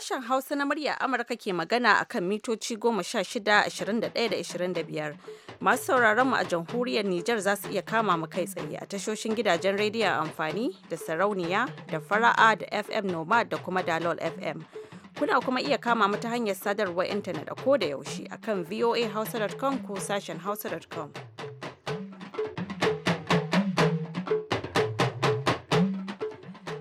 Sashen Hausa na murya Amurka ke magana a kan mitoci 16-21-25. Masu sauraron mu a jamhuriyar Nijar za su iya kama mu kai tsaye a tashoshin gidajen rediyo amfani da sarauniya da fara'a da FM Nomad da kuma Dalol FM. Kuna kuma iya kama mu ta hanyar sadarwar intanet a da yaushe a kan hausa.com ko sashen hausa.com.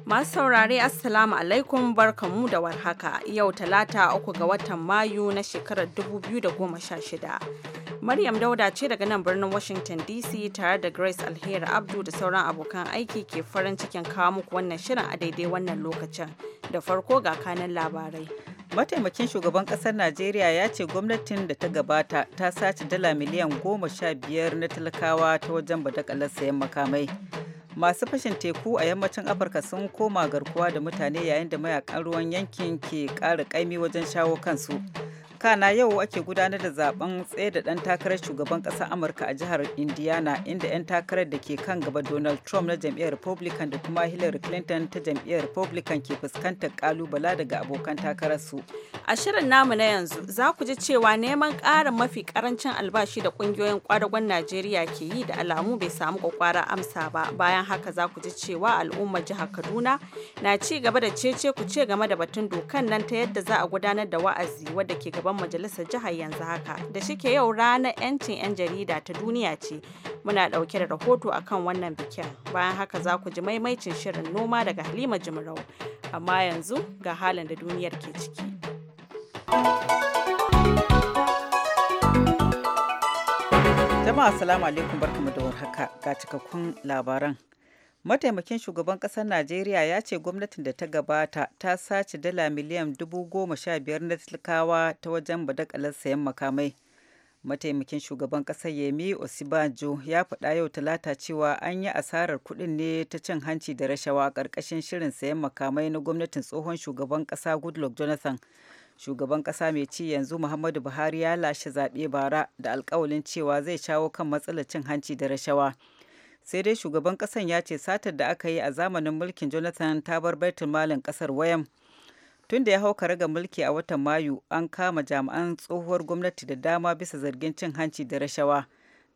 Masu saurare Assalamu alaikum barkanmu da warhaka yau talata uku ga watan Mayu na shekarar 2016. Maryam Dauda ce daga nan birnin Washington DC tare da Grace Alheri Abdu da sauran abokan aiki ke farin cikin kawo muku wannan shirin a daidai wannan lokacin. Da farko ga kanan labarai. Mataimakin shugaban kasar Najeriya ya ce gwamnatin da ta gabata ta sace dala miliyan goma sha biyar na talakawa ta wajen badakalar sayan makamai. masu fashin teku a yammacin afirka sun koma garkuwa da mutane yayin da mayakan ruwan yankin ke ƙara ƙaimi wajen shawo kansu kana yau ake gudanar da zaben tsaye da dan takarar shugaban kasar amurka a jihar indiana inda 'yan takarar da ke kan gaba donald trump na jam'iyyar republican da kuma hillary clinton ta jam'iyyar republican ke fuskantar kalubala daga abokan takararsu a shirin namu na yanzu za ku ji cewa neman ƙarin mafi karancin albashi da ƙungiyoyin kwadagon najeriya ke yi da alamu bai samu kwakwara amsa ba bayan haka za ku ji cewa al'ummar jihar kaduna na ci gaba da cece ku ce game da batun dokan nan ta yadda za a gudanar da wa'azi wadda ke gaba shugaban majalisar jihar yanzu haka da shike yau ranar 'yancin 'yan jarida ta duniya ce muna ɗauke da rahoto akan wannan bikin bayan haka za ku ji maimaicin shirin noma daga halima jimarau amma yanzu ga halin da duniyar ke ciki jama'a salamu alaikum barkamu da warhaka ga cikakkun labaran mataimakin shugaban ƙasar najeriya ya ce gwamnatin da ta gabata ta sace dala miliyan dubu goma sha biyar na talakawa ta wajen badakalar sayan makamai mataimakin shugaban ƙasar yemi osibajo ya faɗa yau talata cewa an yi asarar kuɗin ne ta cin hanci da rashawa ƙarƙashin shirin sayan makamai na gwamnatin tsohon shugaban ƙasa goodluck jonathan shugaban ƙasa mai ci yanzu muhammadu buhari ya lashe zaɓe bara da alkawalin cewa zai shawo kan matsalar cin hanci da rashawa sai dai shugaban kasan ya ce satar da aka yi a zamanin mulkin jonathan ta bar baitul malin kasar wayan tun da ya hau raga mulki a watan mayu an kama jami'an tsohuwar gwamnati da dama bisa zargin cin hanci da rashawa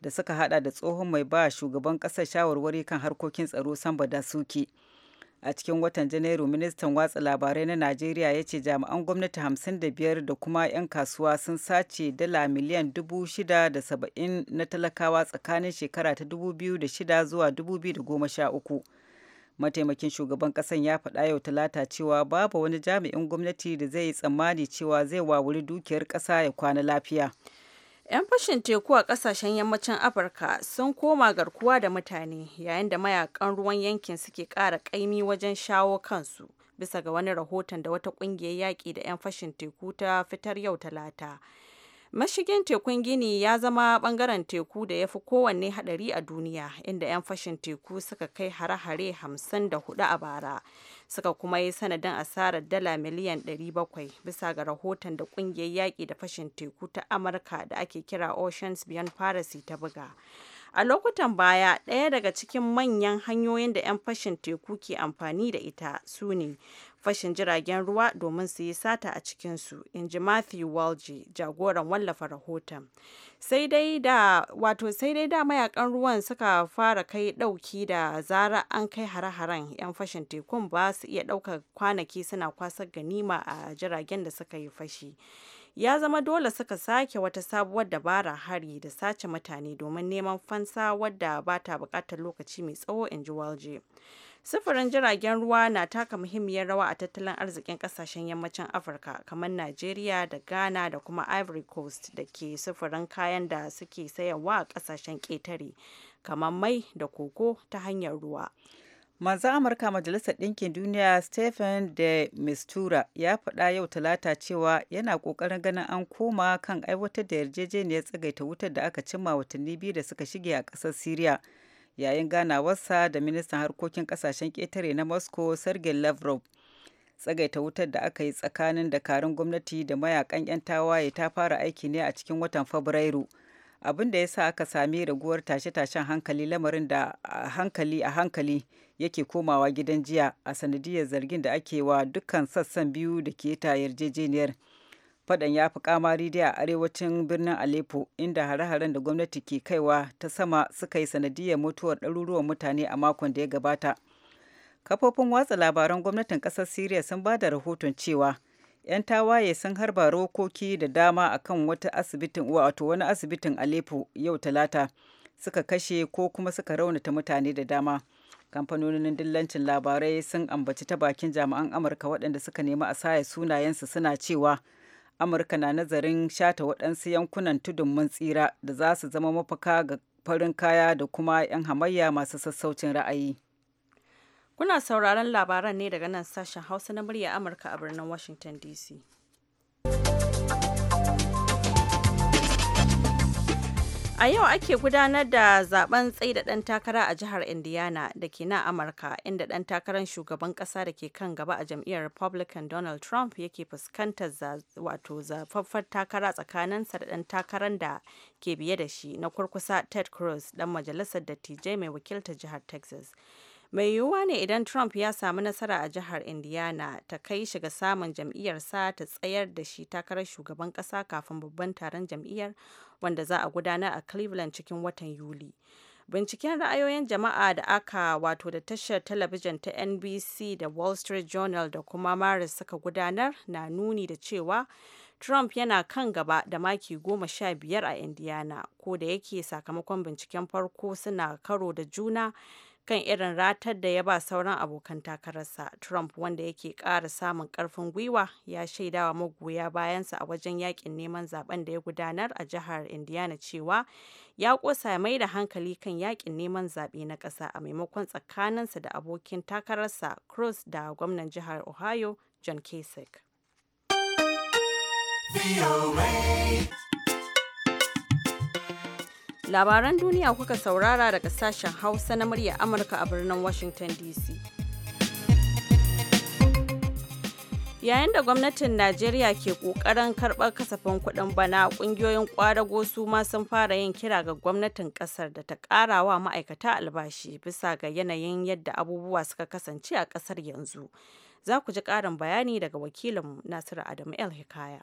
da suka hada da tsohon mai ba shugaban kasar shawarwari kan harkokin tsaro samba da suke a cikin watan janairu ministan watsa labarai na najeriya ya ce jami'an gwamnati hamsin da biyar da kuma 'yan kasuwa sun sace dala miliyan dubu shida da 670 na talakawa tsakanin shekara ta 2006 zuwa uku. mataimakin shugaban kasan ya faɗa yau talata cewa babu wani jami'in gwamnati da zai yi tsammani cewa zai wawuri dukiyar ƙasa ya kwana lafiya 'Yan fashin teku a kasashen yammacin Afirka sun koma garkuwa da mutane yayin da mayakan ruwan yankin suke ƙara ƙaimi wajen shawo kansu, bisa ga wani rahoton da wata ƙungiyar yaƙi da 'yan fashin teku ta fitar yau Talata. Mashigin tekun Gini ya zama bangaren teku da ya fi kowanne hadari a duniya, inda 'yan fashin teku suka kai hare-hare 54 a bara. suka kuma yi sanadin asarar dala miliyan 700 bisa ga rahoton da kungiyar yaƙi da fashin teku ta amurka da ake kira oceans beyond piracy ta buga a lokutan baya ɗaya daga cikin manyan hanyoyin da 'yan fashin teku ke amfani da ita su ne fashin jiragen ruwa domin su yi sata a cikinsu in ji matthew walji jagoran wallafa rahoton sai dai da wato sai dai da mayakan ruwan suka fara kai dauki da zara an kai hare-haren 'yan fashin tekun ba su iya ɗaukar kwanaki suna kwasar ganima a jiragen da suka yi fashi ya zama dole suka sake wata sabuwar dabara hari da sace mutane domin neman fansa wadda ba ta bukatar lokaci mai tsawo in ji walje Sufurin jiragen ruwa na taka muhimmiyar rawa a tattalin arzikin kasashen yammacin Afirka kamar Najeriya da Ghana da kuma Ivory Coast da ke sufurin kayan da suke sayarwa a kasashen ƙetare kamar mai da koko ta hanyar ruwa. Manzan Amurka Majalisar Ɗinkin Duniya Stephen de Mistura ya faɗa yau Talata cewa yana ƙoƙarin ganin an koma kan aiwatar da yarjejeniyar tsagaita wutar da aka cimma watanni biyu da suka shige a ƙasar Siriya yayin ganawarsa da ministan harkokin kasashen ketare na moscow sergei lavrov tsagaita wutar da aka yi tsakanin dakarun gwamnati da mayakan 'yan tawaye ta fara aiki ne a cikin watan fabrairu abin da ya sa aka sami raguwar tashe-tashen hankali lamarin da hankali a hankali yake komawa gidan jiya a sanadiyar zargin da ake wa dukkan sassan biyu da ke ta yarjejeniyar fadan ya fi kamari dai a arewacin birnin aleppo inda hare-haren da gwamnati ke kaiwa ta sama suka yi sanadiyar mutuwar ɗaruruwan mutane a makon da ya gabata kafofin watsa labaran gwamnatin ƙasar siriya sun ba da rahoton cewa 'yan tawaye sun harba rokoki da dama a kan wata asibitin wato wani asibitin aleppo yau talata suka kashe ko kuma suka raunata mutane da dama kamfanonin dillancin labarai sun ambaci ta bakin jami'an amurka waɗanda suka nemi a sunayen sunayensu suna cewa amurka na nazarin shata waɗansu yankunan tudun mun tsira da za su zama mafaka ga farin kaya da kuma 'yan hamayya masu sassaucin ra'ayi kuna sauraron labaran ne daga nan sashen hausa na murya amurka a birnin washington dc A yau ake gudanar da zaben tsaida ɗan takara a jihar Indiana da ke nan Amurka, inda ɗan takarar shugaban ƙasa da ke kan gaba a jam'iyyar Republican Donald Trump yake fuskantar wato zafaffar takara tsakaninsa da ɗan takarar da ke biye da shi na kurkusa Ted Cruz, ɗan majalisar dattijai mai wakiltar jihar Texas. mai yiwuwa ne idan trump ya samu nasara a jihar indiana ta kai shi ga samun jam'iyyarsa ta tsayar da shi takarar shugaban kasa kafin babban taron jam'iyyar wanda za a gudanar a cleveland cikin watan yuli binciken ra'ayoyin jama'a da aka wato da tashar talabijin ta nbc da wall street journal da kuma maris suka gudanar na nuni da cewa Trump yana kan gaba da maki goma sha biyar a Indiana, ko da yake sakamakon binciken farko suna karo da juna kan irin ratar da ya ba sauran abokan takararsa trump wanda yake ƙara samun ƙarfin gwiwa ya shaidawa magoya bayansa a wajen yakin neman zaben da ya gudanar a jihar indiana cewa ya ƙosa mai da hankali kan yakin neman zaɓe na ƙasa a maimakon tsakaninsa da abokin takararsa cruz da gwamnan jihar ohio john kasich Labaran duniya kuka saurara daga sashen Hausa na murya Amurka a birnin Washington DC. Yayin da gwamnatin Najeriya ke ƙoƙarin karɓar kasafin kuɗin bana, ƙungiyoyin ƙwadago su ma sun fara yin kira ga gwamnatin ƙasar da ta ƙara wa ma'aikata albashi bisa ga yanayin yadda abubuwa suka kasance a ƙasar yanzu. Za ku ji ƙarin bayani daga wakilin Nasiru Adamu El Hikaya.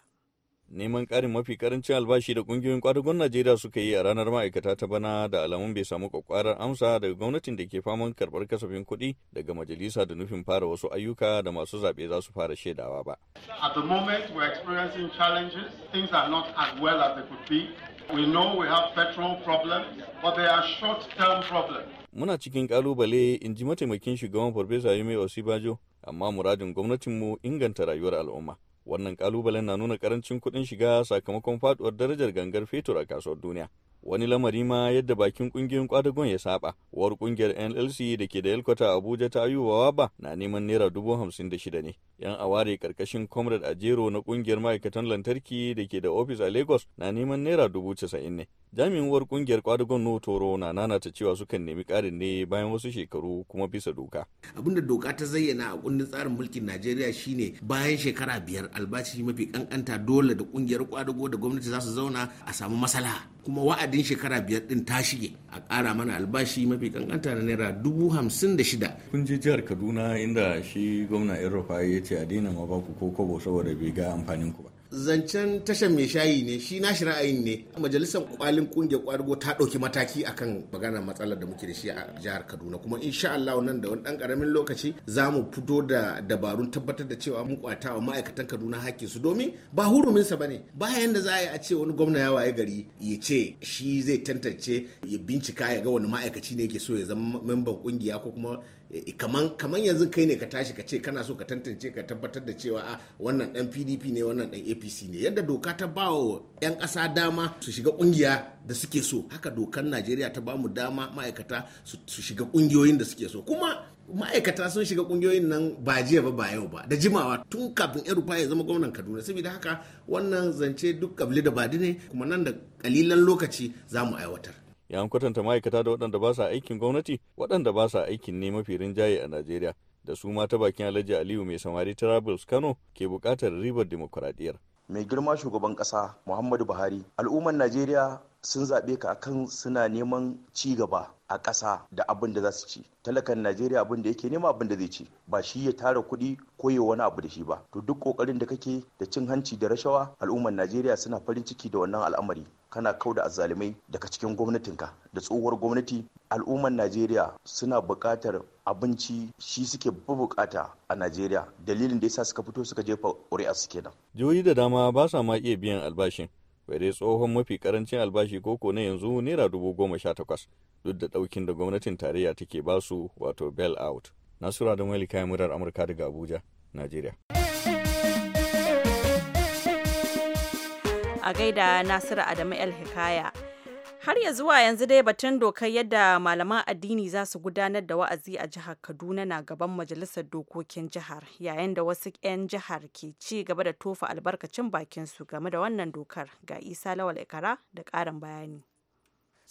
neman ƙarin mafi ƙarancin albashi da ƙungiyoyin ƙwadagon Najeriya suka yi a ranar ma'aikata ta bana da alamun bai samu ƙwaƙwarar amsa daga gwamnatin da ke faman karɓar kasafin kuɗi daga majalisa da nufin fara wasu ayyuka da masu zaɓe za su fara shaidawa ba. At the moment we're experiencing challenges, things are not as well as they could be. We know we have petrol problems, but they are short-term problems. Muna cikin ƙalubale, in ji mataimakin shugaban Farfesa Yume Osibajo, amma muradin gwamnatinmu inganta rayuwar al'umma. Wannan kalubalen na nuna karancin kuɗin shiga sakamakon faduwar darajar gangar fetur a kasuwar duniya. wani lamari ma yadda bakin kungiyoyin kwadagon ya saba uwar kungiyar nlc da ke da yalkwata abuja ta wa ba na neman naira dubu hamsin da shida ne yan aware karkashin comrade ajero na kungiyar ma'aikatan lantarki da ke da ofis a lagos na neman naira dubu casa'in ne jami'in uwar kungiyar kwadagon notoro na nanata cewa sukan nemi karin ne bayan wasu shekaru kuma bisa doka abin da doka ta zayyana a kundin tsarin mulkin najeriya shine bayan shekara biyar albashi mafi kankanta dole da kungiyar kwadago da gwamnati za su zauna a samu masala kuma wa'adi wa'adin shekara biyar din ta shige a ƙara mana albashi mafi kankanta na naira dubu hamsin da shida. kun je jihar kaduna inda shi gwamna yan ya ce a daina ma baku ko kobo saboda bai ga amfanin ku ba. zancen tashar mai shayi ne shi nashi ra'ayin ne majalisar kwalin kungiyar kwargo ta ɗauki mataki akan maganar matsalar da muke da shi a jihar kaduna kuma insha Allah nan da wani ɗan ƙaramin lokaci za mu fito da dabarun tabbatar da cewa mun kwata wa ma'aikatan kaduna hakkin su domin ba huruminsa ba ne bayan da za a yi a ce wani gwamna ya waye gari ya ce shi zai tantance ya bincika ya ga wani ma'aikaci ne yake so ya zama memban kungiya ko kuma Eh, kaman yanzu kai ne ka tashi ka ce kana so ka tantance ka tabbatar da cewa a ah, wannan dan PDP ne wannan dan APC ne yadda doka ta ba wa yan ƙasa dama su shiga kungiya da suke so haka dokar Najeriya ta ba mu dama ma'aikata su shiga kungiyoyin da suke so kuma ma'aikata sun shiga kungiyoyin nan ba jiya ba ba yau ba da jimawa tun kafin 'yan rufa ya zama gwamnan kaduna saboda haka wannan zance duk kabli da badi ne kuma nan da kalilan lokaci za mu aiwatar ya an kwatanta ma'aikata da waɗanda ba sa aikin gwamnati waɗanda ba sa aikin ne mafi rinjaye a najeriya da su ma ta bakin alhaji aliyu mai samari travels kano ke buƙatar ribar dimokuraɗiyyar mai girma shugaban ƙasa muhammadu buhari al'umman najeriya sun zaɓe ka akan suna neman ci gaba a ƙasa da abin da za su ci talakan najeriya abin da yake nema abin da zai ci ba shi ya tara kuɗi ko ya wani abu da shi ba to duk ƙoƙarin da kake da cin hanci da rashawa al'ummar najeriya suna farin ciki da wannan al'amari kana kau da azzalumai daga cikin gwamnatinka da tsohuwar gwamnati al'ummar najeriya suna buƙatar abinci shi suke bukata a najeriya dalilin da yasa suka fito suka jefa ƙuri'a su kenan jihohi da dama ba sa ma iya biyan albashin bai dai tsohon mafi karancin albashi koko na yanzu naira dubu goma sha takwas duk da daukin da gwamnatin tarayya take basu wato bail out nasura da malika kayan murar amurka daga abuja najeriya a gaida nasiru adamu el hikaya har ya zuwa yanzu dai batun dokar yadda malaman addini za su gudanar da wa'azi a jihar kaduna na gaban majalisar dokokin jihar yayin da wasu 'yan jihar ke ci gaba da tofa albarkacin bakinsu game da wannan dokar ga isa lawal ikara da ƙarin bayani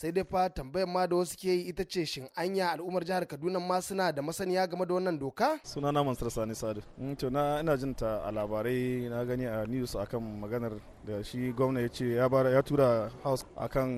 sai dai fa tambayar ma da wasu ke yi ita ce shin anya al'ummar jihar kaduna ma suna da masaniya game da wannan doka sunana mansur sani sadu mm, to na ina jin ta a labarai na gani a news akan maganar da shi gwamna ya ce ya tura house akan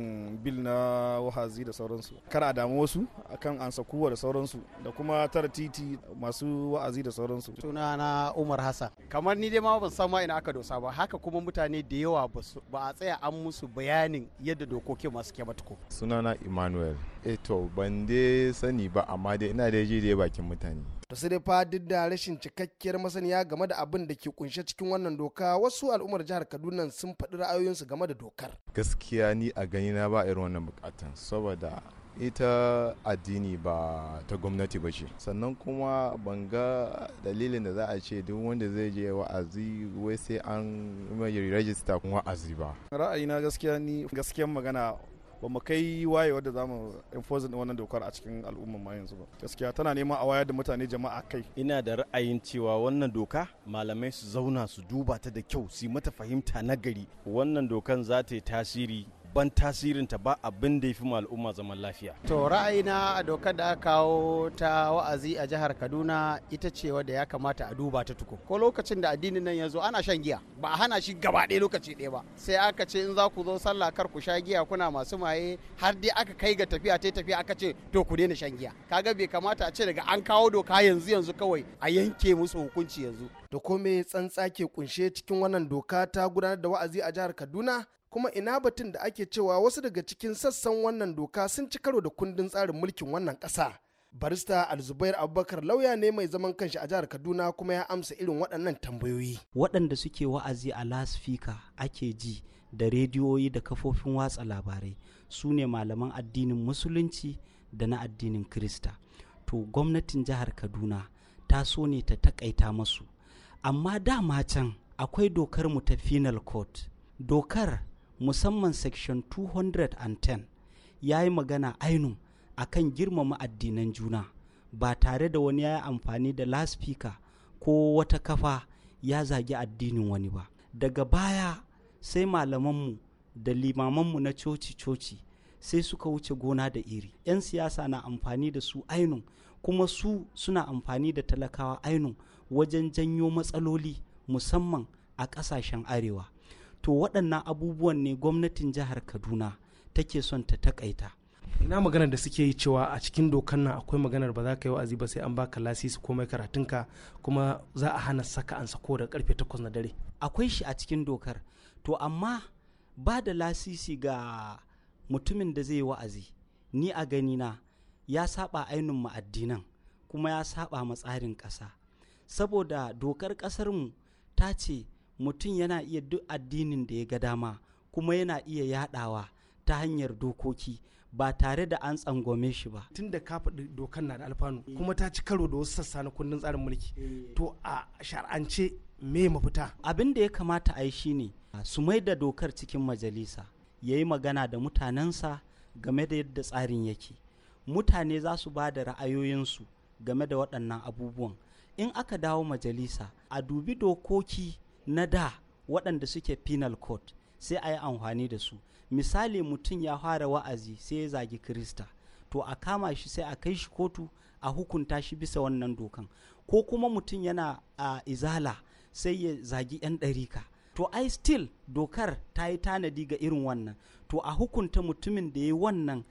bil na wahazi da sauransu kar a damu wasu akan ansakuwa da sauransu da kuma tara titi masu wa'azi da sauransu suna na umar hassan kamar ni dai ma ban san ma ina aka dosa ba haka kuma mutane da yawa ba a tsaya an musu bayanin yadda dokokin masu ke matuko suna na emmanuel eto eh ban dai sani ba amma dai ina dai je dai bakin mutane to sai dai fa duk da rashin cikakkiyar masaniya game da abin da ke kunshe cikin wannan doka wasu al'ummar jihar kaduna sun faɗi ra'ayoyinsu game da dokar gaskiya ni a gani na ba irin wannan bukatan saboda ita addini ba ta gwamnati ba ce sannan kuma ban ga dalilin da za a ce duk wanda zai je wa'azi wai sai an yi rajista wa'azi ba ra'ayina gaskiya ni gaskiyan magana ba mu kai waye da za mu enforce din wannan dokar a cikin al'umma ma yanzu ba gaskiya tana neman a wayar da mutane jama'a kai ina da ra'ayin cewa wannan doka malamai su zauna su duba ta da kyau su yi mata fahimta na gari wannan dokan za ta yi tasiri babban tasirinta ba abin da ya fi al'umma zaman lafiya. To ra'ayina a dokar da aka kawo ta wa'azi a jihar Kaduna ita ce wadda ya kamata a duba ta tuko. Ko lokacin da addinin nan ya zo ana shan giya ba a hana shi gaba ɗaya lokaci ɗaya ba. Sai aka ce in za ku zo sallah kar ku sha giya kuna masu maye har dai aka kai ga tafiya ta tafiya aka ce to ku daina shan giya. Kaga bai kamata a ce daga an kawo doka yanzu yanzu kawai a yanke musu hukunci yanzu. Da kome tsantsa ke kunshe cikin wannan doka ta gudanar da wa'azi a jihar Kaduna kuma ina batun da ake cewa wasu daga cikin sassan wannan doka sun ci karo da kundin tsarin mulkin wannan ƙasa. barista alzubair abubakar lauya ne mai zaman kanshi a jihar kaduna kuma ya amsa irin waɗannan tambayoyi waɗanda suke wa'azi a lasfika ake ji da rediyoyi da kafofin watsa labarai su ne malaman addinin musulunci da na addinin krista to gwamnatin jihar kaduna ta so ne ta takaita masu amma dama can akwai dokar mu ta final court dokar musamman section 210 ya yi magana ainun a kan girmama addinan juna ba tare da wani ya yi amfani da laspika ko wata kafa ya zagi addinin wani ba daga baya sai malamanmu da limamanmu na coci-coci sai suka wuce gona da iri 'yan siyasa na amfani da su ainun kuma su suna amfani da talakawa ainun wajen janyo matsaloli musamman a ƙasashen arewa to waɗannan abubuwan ne gwamnatin jihar kaduna take son ta takaita ina maganar da suke yi cewa a cikin dokan nan akwai maganar ba za ka yi wa'azi ba sai an baka lasisi ko mai karatunka kuma za a hana saka an sako da karfe 8 na dare akwai shi a cikin dokar to amma ba da lasisi ga mutumin da zai yi wa'azi ni a gani na ya saba ainihin ma'addinan kuma ya saba ma tsarin ƙasa saboda dokar ƙasarmu ta ce mutum yana iya duk addinin da ya ga dama kuma yana iya yadawa ta hanyar dokoki ba tare da an tsangwame shi ba tun da ka faɗi dokan na da alfanu eh. kuma ta ci karo da wasu sassa na kundin tsarin mulki eh. to a shar'ance me mafita abin da ya kamata a yi shine su mai da dokar cikin majalisa ya yi magana da mutanensa game da yadda tsarin yake mutane za su ba da ra'ayoyinsu game da waɗannan abubuwan in aka dawo majalisa a dubi dokoki na da waɗanda suke penal code sai a yi amfani da su misali mutum ya fara wa'azi sai ya zagi kirista to a kama shi sai a kai shi kotu a hukunta shi bisa wannan dokan ko kuma mutum yana a izala sai ya zagi 'yan ɗarika to ai still dokar ta yi tanadi ga irin wannan to a hukunta mutumin da ya yi wannan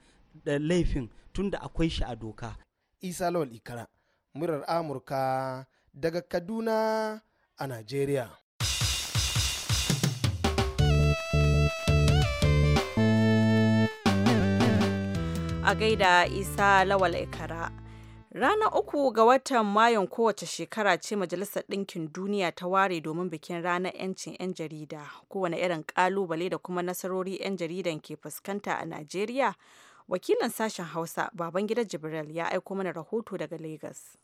da laifin tunda akwai shi a doka isa lawal ikara murar amurka daga kaduna a nigeria. a gaida isa lawal ikara ranar uku ga watan mayon kowace shekara ce majalisar ɗinkin duniya ta ware domin bikin ranar 'yancin 'yan jarida kowane irin kalubale da kuma nasarori 'yan jaridan ke fuskanta a najeriya wakilin sashen hausa babangida jibril ya aiko mana rahoto daga lagos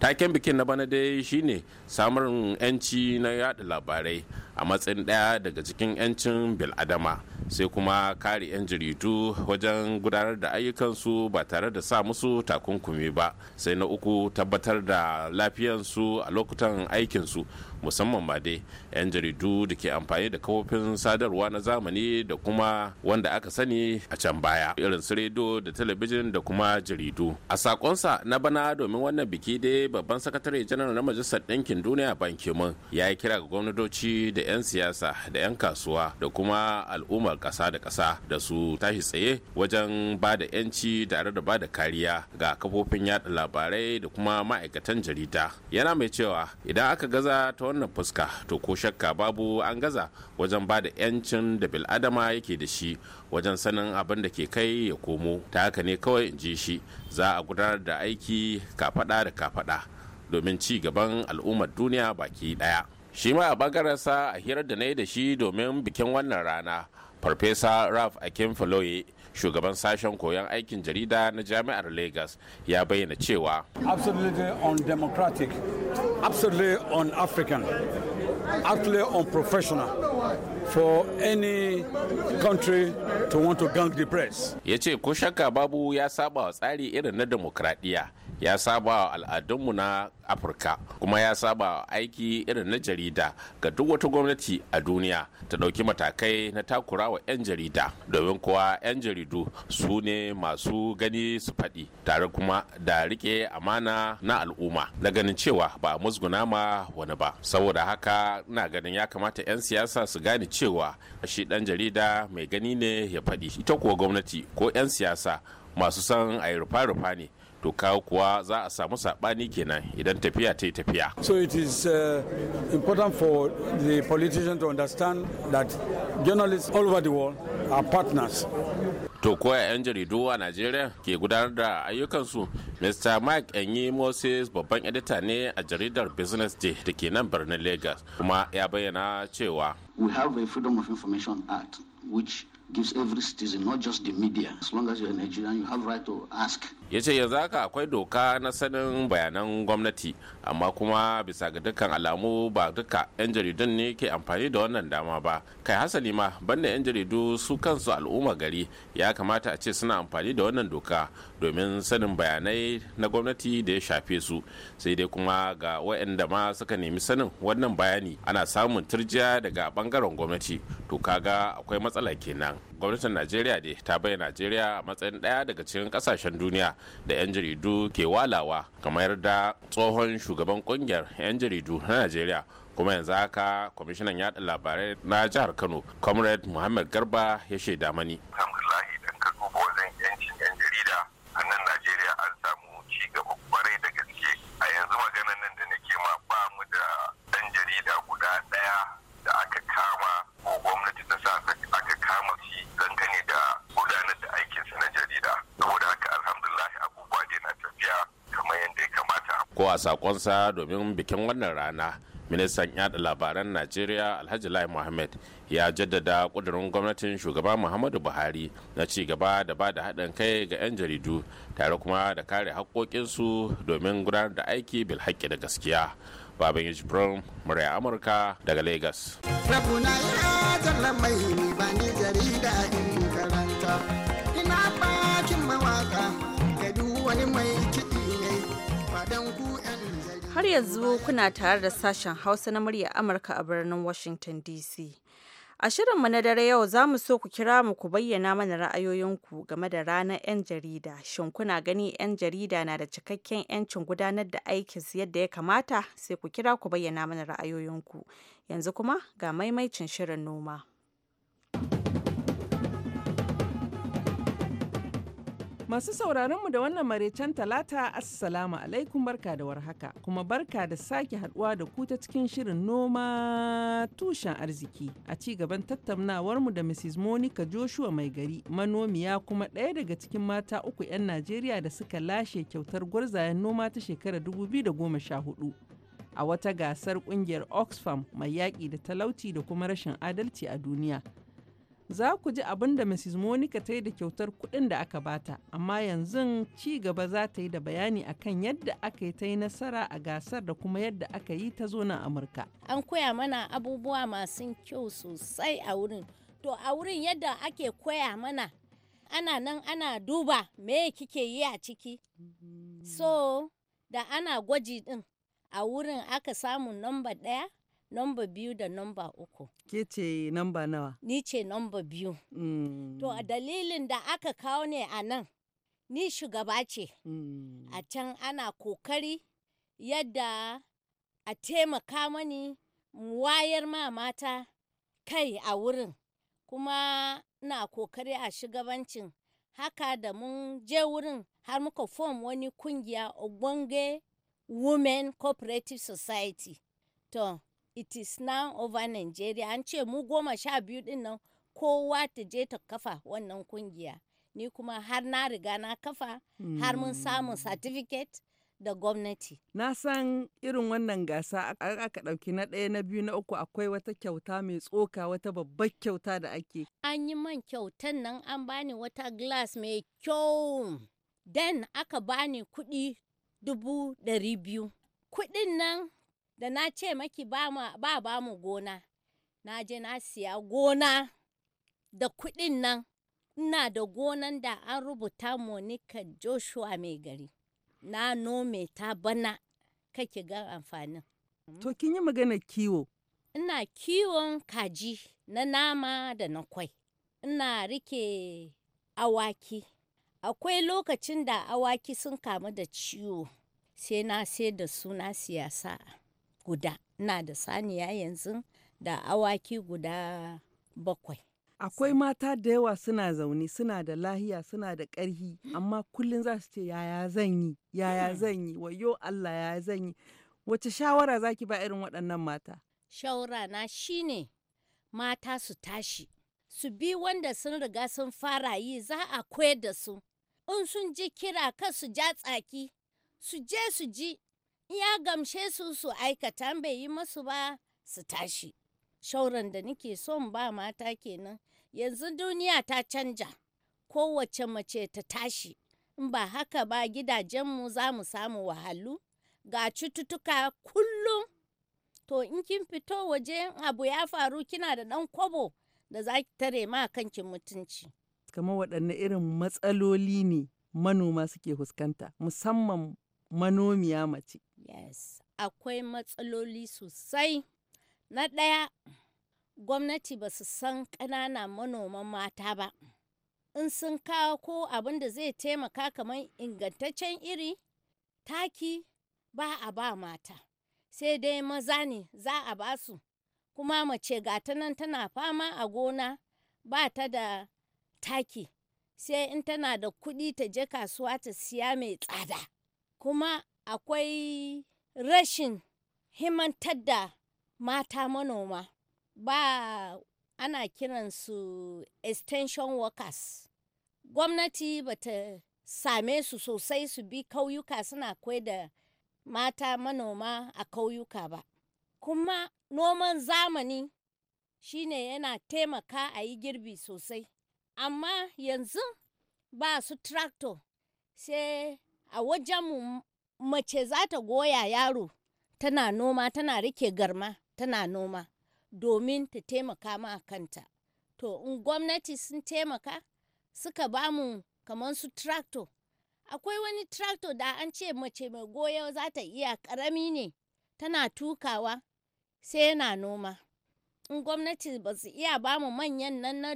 taken bikin na bana dai shine samun 'yanci na yada labarai a matsayin daya daga cikin 'yancin biladama sai kuma kare 'yan jaridu wajen gudanar da ayyukansu ba tare da sa musu takunkumi ba sai na uku tabbatar da lafiyansu a lokutan aikinsu musamman ma dai 'yan jaridu da ke amfani da kafofin sadarwa na zamani da kuma wanda aka sani a can baya irin su rediyo da talabijin da kuma jaridu a sakonsa na bana domin wannan biki dai babban sakatare janar na majalisar ɗinkin duniya ban kimin ya yi kira ga gwamnatoci da 'yan siyasa da 'yan kasuwa da kuma al'ummar ƙasa da ƙasa da su tashi tsaye wajen ba da 'yanci tare da ba da kariya ga kafofin yaɗa labarai da kuma ma'aikatan jarida yana mai cewa idan aka gaza ta wannan fuska to ko shakka babu an gaza wajen ba da 'yancin da bil'adama yake da shi wajen sanin abin da ke kai ya komo ta haka ne kawai in ji shi za a gudanar da aiki kafaɗa da kafaɗa domin ci gaban al'ummar duniya baki ɗaya. shi ma a bangarensa a hirar da na yi da shi domin bikin wannan rana farfesa raf akin faloye shugaban sashen koyon aikin jarida na jami'ar lagos ya bayyana cewa absolutely democratic absolutely on african absolutely professional for any country to want to gang the press. Ya ce ko shakka babu ya saba wa tsari irin na demokradiyya ya saba wa al'adunmu na afirka kuma ya saba wa aiki irin na jarida ga duk wata gwamnati a duniya ta ɗauki matakai na takura wa 'yan jarida domin kuwa 'yan jaridu su ne masu gani su faɗi tare kuma da rike amana na al'umma na ganin cewa ba musguna ma wani ba saboda haka na ganin ya kamata 'yan siyasa su gane cewa shi ɗan jarida mai gani ne ya faɗi ita kuwa gwamnati ko 'yan siyasa masu san a yi rufa-rufa ne to kawo kuwa za a samu sabani kenan idan tafiya ta yi tafiya so it is uh, important for the politician to understand that journalists all over the world are partners to koya 'yan jaridu a najeriya ke gudanar da ayyukansu mr mike enyi moses babban edita ne a jaridar business day da ke nan birnin lagos kuma ya bayyana cewa we have a freedom of information act which gives every citizen not just the media as long as you're a nigerian you have right to ask ya ce yanzu haka akwai doka na sanin bayanan gwamnati amma kuma bisa ga dukkan alamu ba duka 'yan jaridun ne ke amfani da wannan dama ba kai hasali ma banda 'yan jaridu su kansu al'umma gari ya kamata a ce suna amfani da wannan doka domin sanin bayanai na gwamnati da ya shafe su sai dai kuma ga waɗanda ma suka nemi sanin wannan bayani ana samun turjiya daga bangaren gwamnati to kaga akwai matsala kenan gwamnatin najeriya ne ta bai najeriya a matsayin daya daga cikin kasashen duniya da 'yan jaridu ke walawa kamar da tsohon shugaban kungiyar 'yan jaridu na najeriya kuma yanzu haka kwamishinan yaɗa labarai na jihar kano comrade muhammad garba ya shaida mani wa sakonsa domin bikin wannan rana ministan yada labaran najeriya alhaji lai muhammad ya jaddada kudurin gwamnatin shugaba muhammadu buhari na ci gaba da ba da haɗin kai ga 'yan jaridu tare kuma da kare haƙoƙinsu domin gudanar da aiki bil haƙƙi da gaskiya baban yaji prom murai amurka daga lagos ya mawaka wani mai kiɗi ne fadan Har yanzu kuna tare da sashen Hausa na murya Amurka a birnin Washington DC. A shirinmu na dare yau za mu so ku kira mu ku bayyana mana ra'ayoyinku game da ranar 'yan jarida. Shin kuna gani 'yan jarida na da cikakken 'yancin gudanar da aikin su yadda ya kamata? Sai ku kira ku bayyana mana ra'ayoyinku. Yanzu kuma ga maimaicin shirin noma. Masu sauraronmu da wannan maraicen talata Assalamu alaikum barka da warhaka kuma barka da sake haduwa da ku ta cikin shirin noma tushen arziki a ci gaban tattaunawarmu da Mrs. Monica Joshua mai gari manomiya kuma ɗaya daga cikin mata uku 'yan Najeriya da suka lashe kyautar gwarzayen noma ta shekarar 2014. a wata gasar kungiyar Oxfam mai yaƙi da talauci da kuma rashin adalci a duniya. Za ku ji abin da Mrs. Monica ta yi da kyautar kuɗin da aka bata, amma yanzu ci gaba za ta yi da bayani akan yadda aka yi ta yi nasara a gasar da kuma yadda aka yi ta zo Amurka. An koya mana abubuwa masu kyau sosai a wurin. To a wurin yadda ake koya mana ana nan ana duba me kike yi a ciki. So da ana gwaji din a wurin aka samu namba ɗaya. nomba biyu da nomba uku. Ke ce namba nawa? Ni ce namba biyu. Mm. To a dalilin da aka kawo ne a nan, ni shugaba ce. Mm. A can ana kokari yadda a taimaka mani wayar ma mata kai a wurin. Kuma na kokari a shugabancin haka da mun je wurin har muka form wani kungiya Ogbonge Women Cooperative Society. To, it is now over Nigeria an ce mu goma sha biyu din nan kowa ta je ta kafa wannan kungiya ni kuma har na riga na kafa har mun samu hmm. certificate da gwamnati. Na san irin wannan gasa aka ɗauki na ɗaya na biyu na uku akwai wata kyauta mai tsoka wata babbar kyauta da ake. An yi man kyautan nan an bani wata glass mai kyau. Den aka bani kuɗi dubu ɗari biyu. Kuɗin nan da na ce maki ba ba mu gona na je na siya gona da kuɗin nan ina da gonan da an rubuta monica joshua mai gari na nome ta bana kake ga amfanin to kin yi magana kiwo ina kiwon kaji na nama da na kwai ina rike awaki akwai lokacin da awaki sun kamu da ciwo sai na sai da suna siyasa guda na da saniya yanzu da awaki guda bakwai akwai mata da yawa suna zaune suna da lahiya suna da ƙarhi amma kullum za su ce yaya zan yi yaya hmm. zan yi wayo Allah yaya zan yi wace shawara zaki ba irin waɗannan mata shawara na shine mata su tashi su bi wanda sun riga sun fara yi za a koyar da su in sun ji kira kan su ja tsaki su je su ji ya gamshe su su aikata bai yi masu ba su tashi shauran da nake son ba mata kenan yanzu duniya ta canja kowace mace ta tashi in ba haka ba gidajenmu za mu samu wahalu ga cututtuka kullum to in kin fito waje abu ya faru kina da ɗan kwabo da za ki tare ma kanki mutunci kamar waɗanne irin matsaloli ne manoma suke fuskanta musamman manomiya mace Yes, akwai matsaloli sosai. Na ɗaya, gwamnati ba su san ƙanana manoman mata ba. In sun kawo ko abin da zai taimaka kamar ingantaccen iri, taki ba a ba mata. Sai dai maza ne za a ba su, kuma mace gata nan tana fama a gona ba ta da taki. Sai in tana da kuɗi ta je kasuwa ta siya mai tsada. Kuma akwai rashin himantar da mata manoma ba ana kiransu extension workers gwamnati ba ta same su sosai su bi kauyuka suna kwai da mata manoma a kauyuka ba kuma noman zamani shine yana taimaka a yi girbi sosai amma yanzu ba su tractor sai a wajenmu mace za ta goya yaro tana noma tana rike garma tana noma domin ta taimaka ma kanta to in gwamnati sun taimaka suka ba mu kamar su tractor akwai wani tractor da an ce mace mai goya za ta iya karami ne tana tukawa sai yana noma in gwamnati ba su iya ba mu manyan nan na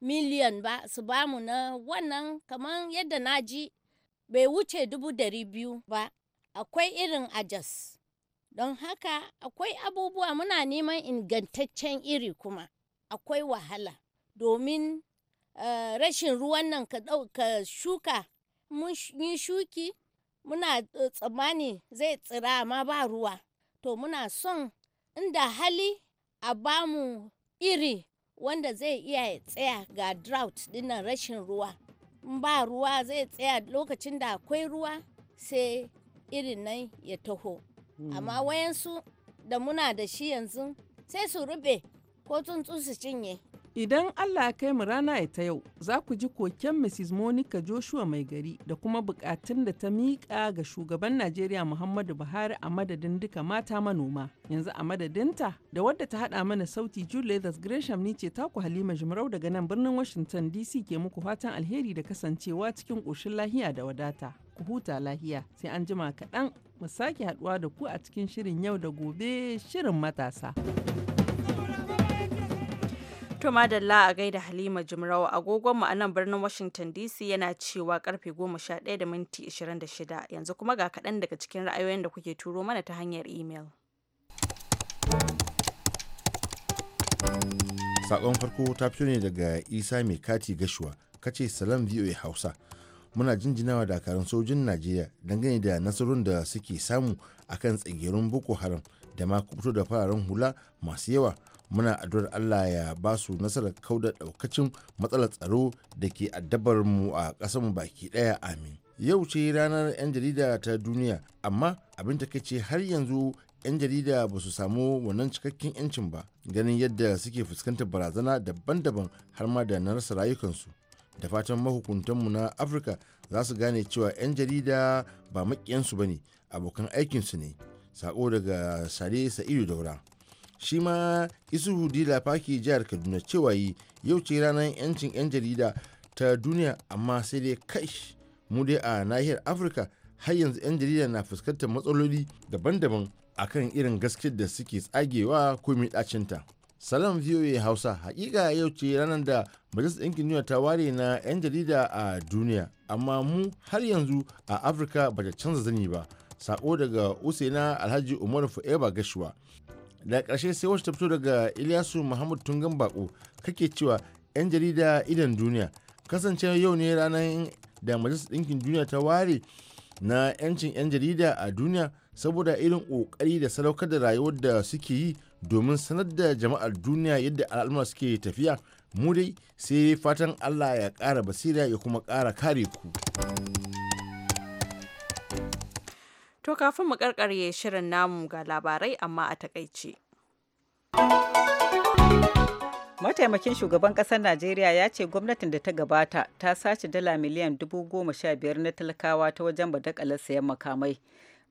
miliyan ba su ba mu na wannan kamar yadda na ji bai wuce dubu dari biyu ba akwai irin ajas don haka akwai abubuwa muna neman ingantaccen iri kuma akwai wahala domin uh, rashin ruwan nan ka, ka shuka mun yi shuki muna eh, tsammani zai tsira amma ba ruwa to muna son inda hali a bamu iri wanda zai iya tsaya ga drought dinnan rashin ruwa ba ruwa zai tsaya lokacin da akwai ruwa sai irin nan ya taho hmm. amma wayansu da muna da shi yanzu sai su rube ko tsuntsu su cinye Idan Allah ya kai mu rana ya yau, za ku ji koken Mrs. Monica Joshua mai gari da kuma bukatun da ta miƙa ga shugaban Najeriya Muhammadu Buhari a madadin duka mata manoma. Yanzu a madadinta da wadda ta haɗa mana sauti Julius Gresham ni ce ta ku Halima Jumrau daga nan birnin Washington DC ke muku fatan alheri da kasancewa cikin ƙoshin lahiya da wadata. Ku huta lahiya sai an jima kaɗan mu sake haɗuwa da ku a cikin shirin yau da gobe shirin matasa. wato madalla a gaida Halima Jimrawa agogon mu a nan birnin Washington DC yana cewa karfe 11:26 yanzu kuma ga kaɗan daga cikin ra'ayoyin da kuke turo mana ta hanyar email. Sakon farko ta fito ne daga Isa mai kati gashuwa kace salam VOA Hausa. Muna jinjinawa dakarun sojin Najeriya dangane da nasarun da suke samu akan tsagerun Boko Haram da ma kubuto da fararen hula masu yawa muna addu'ar Allah ya ba su nasarar kauda daukacin matsalar tsaro da ke addabar mu a mu baki ɗaya amin yau ce ranar 'yan jarida ta duniya amma abin takaice har yanzu 'yan jarida ba su samu wannan cikakken 'yancin ba ganin yadda suke fuskantar barazana daban-daban har ma da na rasa rayukansu da fatan mahukuntanmu na afirka za su gane cewa 'yan jarida ba maƙiyansu ba ne abokan aikinsu ne sako daga sare sa'idu daura shi ma isuhu dila faki jihar kaduna cewa yi yau ce ranar yancin 'yan jarida ta duniya amma sai dai kai mu dai a nahiyar afirka har yanzu 'yan jarida na fuskantar matsaloli daban-daban a kan irin gaskiyar da suke tsagewa ko miɗacinta salam voa hausa hakika yau ce ranar da majalisar ɗinkin duniya ta ware na 'yan jarida a duniya amma mu har yanzu a afirka ba ta canza zani ba sako daga usaina alhaji umaru fu'eba gashuwa da ƙarshe sai wacce ta fito daga ilyasu muhammad tungan bako kake cewa 'yan jarida idan duniya kasance yau ne ranar da majalisar dinkin duniya ta ware na 'yancin 'yan jarida a duniya saboda irin ƙoƙari da sadaukar da rayuwar da suke yi domin sanar da jama'ar duniya yadda al'umma suke tafiya mu dai sai fatan allah ya kara basira ya kuma ƙara kare ku. To kafin mu karkare shirin namu ga labarai amma a takaice. Mataimakin shugaban ƙasar Najeriya ya ce gwamnatin da ta gabata ta sace dala miliyan dubu goma sha biyar na talakawa ta wajen badakalar sayan makamai.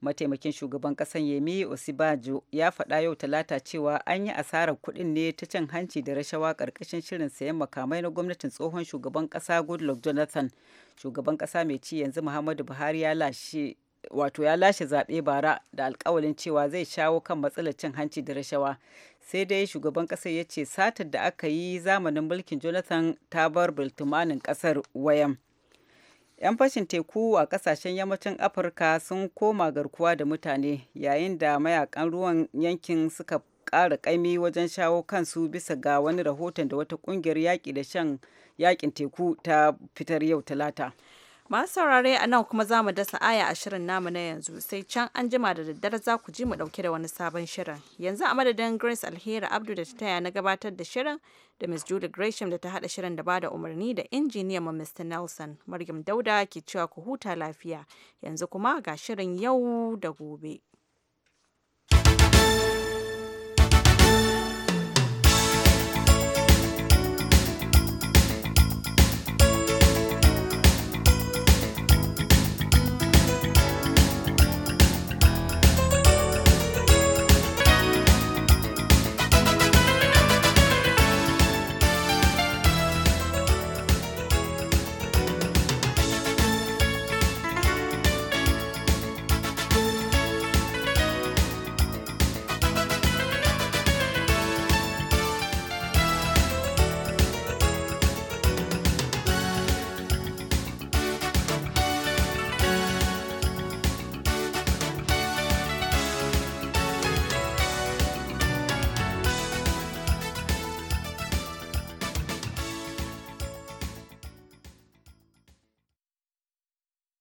Mataimakin shugaban ƙasar Yemi Osibajo ya faɗa yau talata cewa an yi asarar kuɗin ne ta cin hanci da rashawa ƙarƙashin shirin sayan makamai na gwamnatin tsohon shugaban ƙasa Goodluck Jonathan. Shugaban ƙasa mai ci yanzu Muhammadu Buhari ya lashe wato ya lashe zaɓe bara da alkawalin cewa zai shawo kan matsalar cin hanci da rashawa sai dai shugaban ƙasar ya ce satar da aka yi zamanin mulkin jonathan ta bar bultumanin ƙasar wayan 'yan fashin teku a kasashen yammacin afirka sun koma garkuwa da mutane yayin da mayakan ruwan yankin suka ƙara ƙaimi wajen shawo kansu bisa ga wani rahoton da wata ƙungiyar yaƙi da shan yaƙin teku ta fitar yau talata Masu saurare a nan kuma za mu dasa aya a shirin namu na yanzu sai can an jima da daddare za ku ji mu dauke da wani sabon shirin. Yanzu a madadin Grace Alheri abdul da ta taya na gabatar da shirin da Miss Julie Gresham da ta hada shirin da bada umarni da injiniyan mu Mr. Nelson. Maryam Dauda ke cewa ku huta lafiya. Yanzu kuma ga shirin yau da gobe.